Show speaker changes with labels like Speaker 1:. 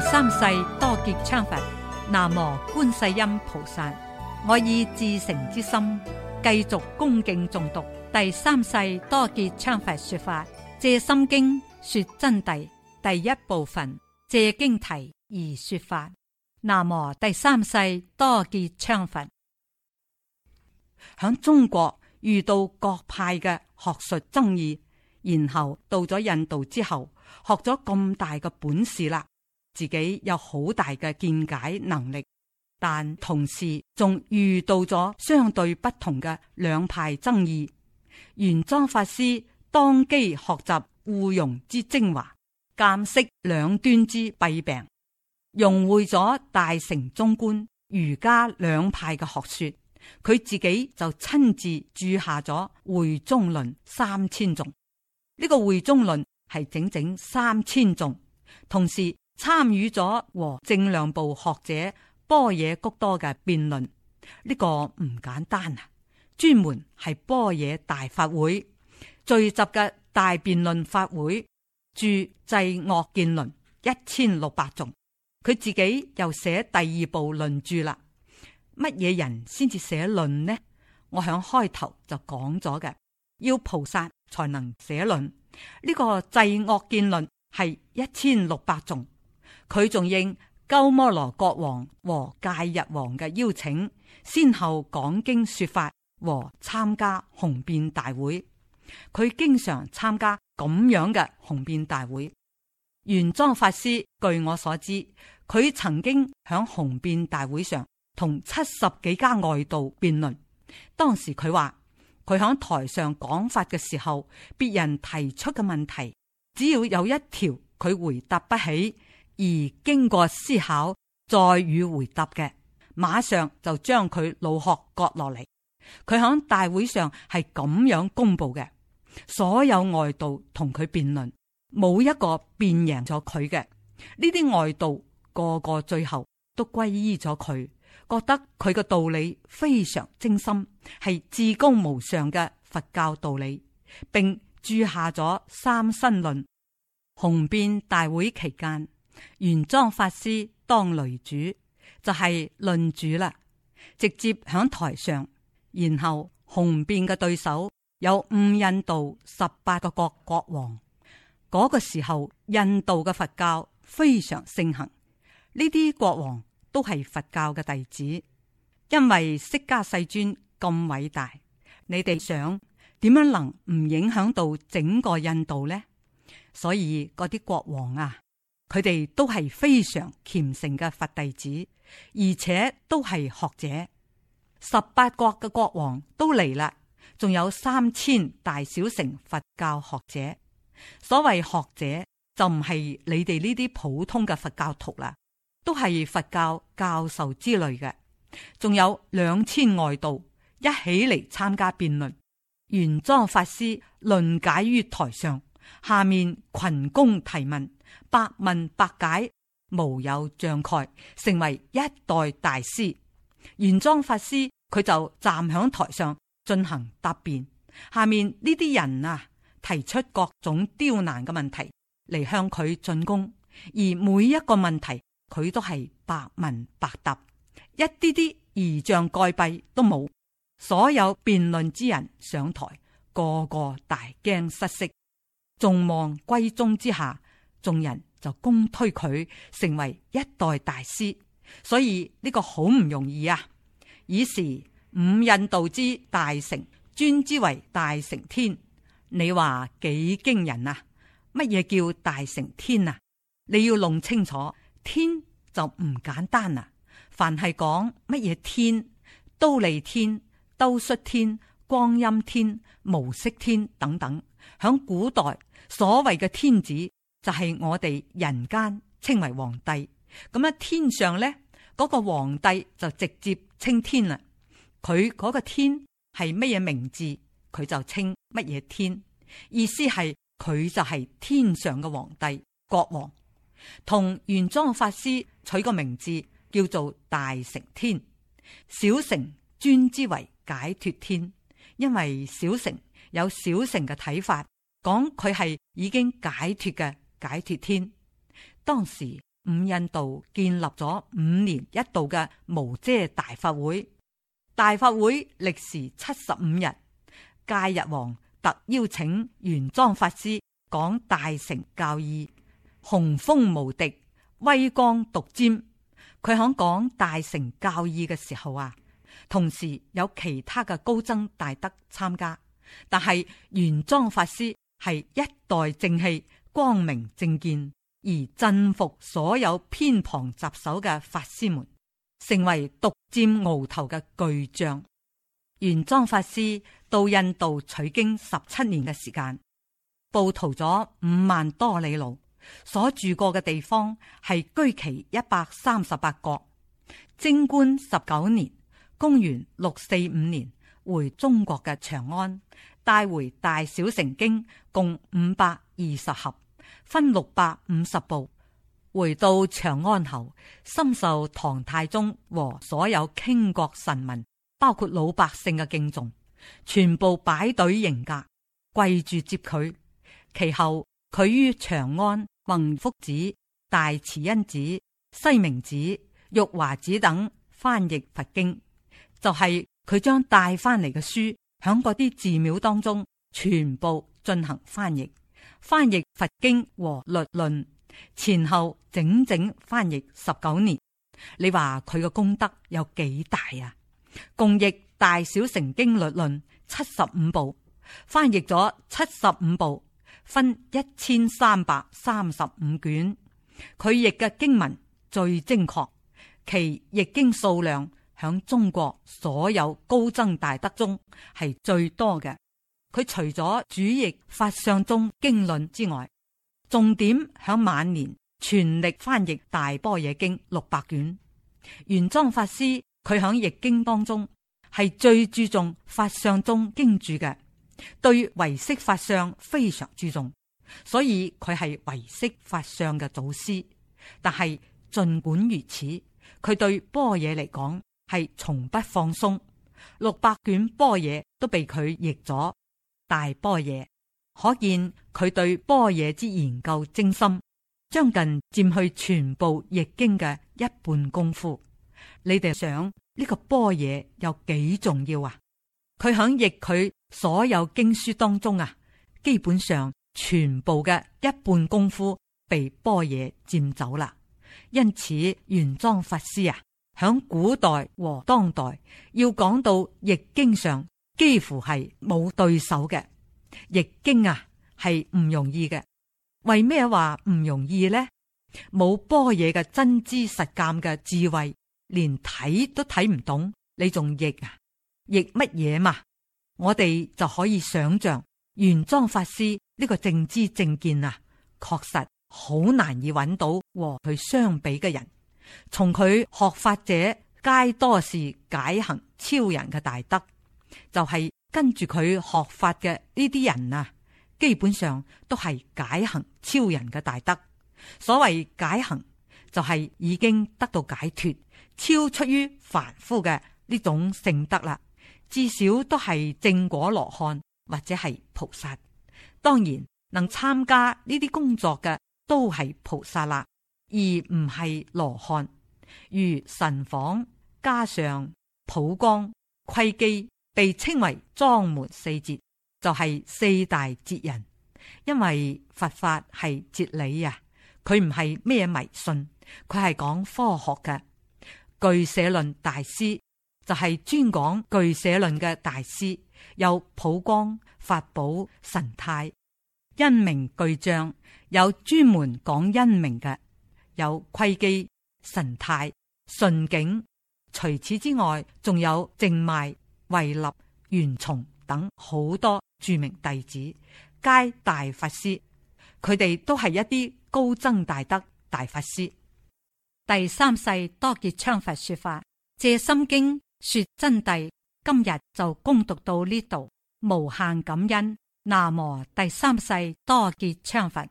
Speaker 1: 第三世多杰羌佛，南無觀世音菩薩。我以至誠之心，繼續恭敬誦讀第三世多杰羌佛說法《藉心經》說真諦第一部分《藉經題》而說法。南無第三世多杰羌佛。響中國遇到各派嘅學術爭議，然後到咗印度之後，學咗咁大嘅本事啦。自己有好大嘅見解能力，但同時仲遇到咗相對不同嘅兩派爭議。玄奘法師當機學習互融之精華，鑒識兩端之弊病，融匯咗大乘中觀、瑜伽兩派嘅學說，佢自己就親自注下咗《會宗論》三千頌，呢、這個《會宗論》係整整三千頌，同時。參與咗和正量部學者波野谷多嘅辯論，呢個唔簡單啊！專門係波野大法會聚集嘅大辯論法會，注《制惡見論》一千六百種。佢自己又寫第二部論著啦。乜嘢人先至寫論呢？我響開頭就講咗嘅，要菩薩才能寫論。呢個《制惡見論》係一千六百種。佢仲應鳩摩羅國王和戒日王嘅邀請，先後講經說法和參加雄辯大會。佢經常參加咁樣嘅雄辯大會。玄奘法師據我所知，佢曾經響雄辯大會上同七十幾家外道辯論。當時佢話佢響台上講法嘅時候，別人提出嘅問題，只要有一條佢回答不起。而經過思考再與回答嘅，馬上就將佢腦殼割落嚟。佢喺大會上係咁樣公布嘅。所有外道同佢辯論，冇一個辯贏咗佢嘅。呢啲外道個個最後都歸依咗佢，覺得佢嘅道理非常精深，係至高無上嘅佛教道理，並注下咗三身論。紅辯大會期間，玄奘法師當擂主就係、是、論主啦，直接響台上，然後雄辯嘅對手有五印度十八個國國王。嗰、那個時候，印度嘅佛教非常盛行，呢啲國王都係佛教嘅弟子，因為釋迦世尊咁偉大，你哋想點樣能唔影響到整個印度呢？所以嗰啲國王啊～佢哋都係非常虔誠嘅佛弟子，而且都係學者。十八國嘅國王都嚟啦，仲有三千大小乘佛教學者。所謂學者就唔係你哋呢啲普通嘅佛教徒啦，都係佛教教授之類嘅。仲有兩千外道一起嚟參加辯論。玄奘法師論解於台上，下面群公提問。百問百解，無有障礙，成為一代大師。玄奘法師佢就站響台上進行答辯。下面呢啲人啊，提出各種刁難嘅問題嚟向佢進攻，而每一個問題佢都係百問百答，一啲啲疑障蓋蔽都冇。所有辯論之人上台，個個大驚失色，眾望歸宗之下。眾人就公推佢成為一代大師，所以呢、這個好唔容易啊！以時五印度之大成尊之為大成天，你話幾驚人啊？乜嘢叫大成天啊？你要弄清楚天就唔簡單啦、啊。凡係講乜嘢天，忉利天，兜率天，光陰天、無色天等等，響古代所謂嘅天子。就係我哋人間稱為皇帝，咁啊天上呢，嗰、嗰個皇帝就直接稱天啦。佢嗰個天係乜嘢名字，佢就稱乜嘢天，意思係佢就係天上嘅皇帝國王。同玄奘嘅法師取個名字叫做大乘天，小乘尊之為解脫天，因為小乘有小乘嘅睇法，講佢係已經解脫嘅。解脫天，當時五印度建立咗五年一度嘅無遮大法會，大法會歷時七十五日。戒日王特邀請原裝法師講大成教義，雄風無敵，威光獨佔。佢響講大成教義嘅時候啊，同時有其他嘅高僧大德參加，但係原裝法師係一代正氣。光明正見而振服所有偏旁雜首嘅法師們，成為獨佔鰲頭嘅巨匠。玄奘法師到印度取經十七年嘅時間，步途咗五萬多里路，所住過嘅地方係居其一百三十八國。貞觀十九年，公元六四五年，回中國嘅長安，帶回大小成經共五百二十盒。分六百五十部，回到長安後，深受唐太宗和所有傾國臣民，包括老百姓嘅敬重，全部擺隊迎駕，跪住接佢。其後佢於長安、孟福寺、大慈恩寺、西明寺、玉華寺等翻譯佛經，就係佢將帶翻嚟嘅書，響嗰啲寺廟當中全部進行翻譯。翻譯佛經和律論前後整整翻譯十九年，你話佢嘅功德有幾大啊？共譯大小乘經律論七十五部，翻譯咗七十五部，分一千三百三十五卷。佢譯嘅經文最精確，其譯經數量響中國所有高僧大德中係最多嘅。佢除咗主譯法相宗經論之外，重點，響晚年全力翻譯大般若經六百卷。玄奘法師佢響譯經當中係最注重法相宗經注嘅，對唯識法相非常注重，所以佢係唯識法相嘅祖師。但係盡管如此，佢對般若嚟講係從不放鬆，六百卷般若都被佢譯咗。大般若，可見佢對般若之研究精深，將近佔去全部譯經嘅一半功夫。你哋想呢個般若有幾重要啊？佢響譯佢所有經書當中啊，基本上全部嘅一半功夫被般若佔走啦。因此，玄奘法師啊，響古代和當代要講到譯經上。幾乎係冇對手嘅，譯經啊係唔容易嘅。為咩話唔容易呢？冇般若嘅真知實鑒嘅智慧，連睇都睇唔懂。你仲譯啊？譯乜嘢嘛？我哋就可以想象，玄奘法師呢個正知正見啊，確實好難以揾到和佢相比嘅人。從佢學法者，皆多是解行超人嘅大德。就係跟住佢學法嘅呢啲人啊，基本上都係解行超人嘅大德。所謂解行，就係、是、已經得到解脫，超出於凡夫嘅呢種聖德啦。至少都係正果羅漢或者係菩薩。當然，能參加呢啲工作嘅都係菩薩啦，而唔係羅漢。如神昉、嘉尚、普光、窺基。被稱為莊門四哲就係、是、四大哲人，因為佛法係哲理啊，佢唔係咩迷信，佢係講科學嘅。俱舍論大師就係專講俱舍論嘅大師，有普光、法寶、神泰。因明巨匠，有專門講因明嘅，有窺基、神泰、順璟，除此之外仲有淨邁。慧立、玄崇等好多著名弟子，皆大法師，佢哋都係一啲高僧大德大法師。第三世多杰羌佛說法，《藉心經》說真諦，今日就恭讀到呢度，無限感恩。南無第三世多杰羌佛。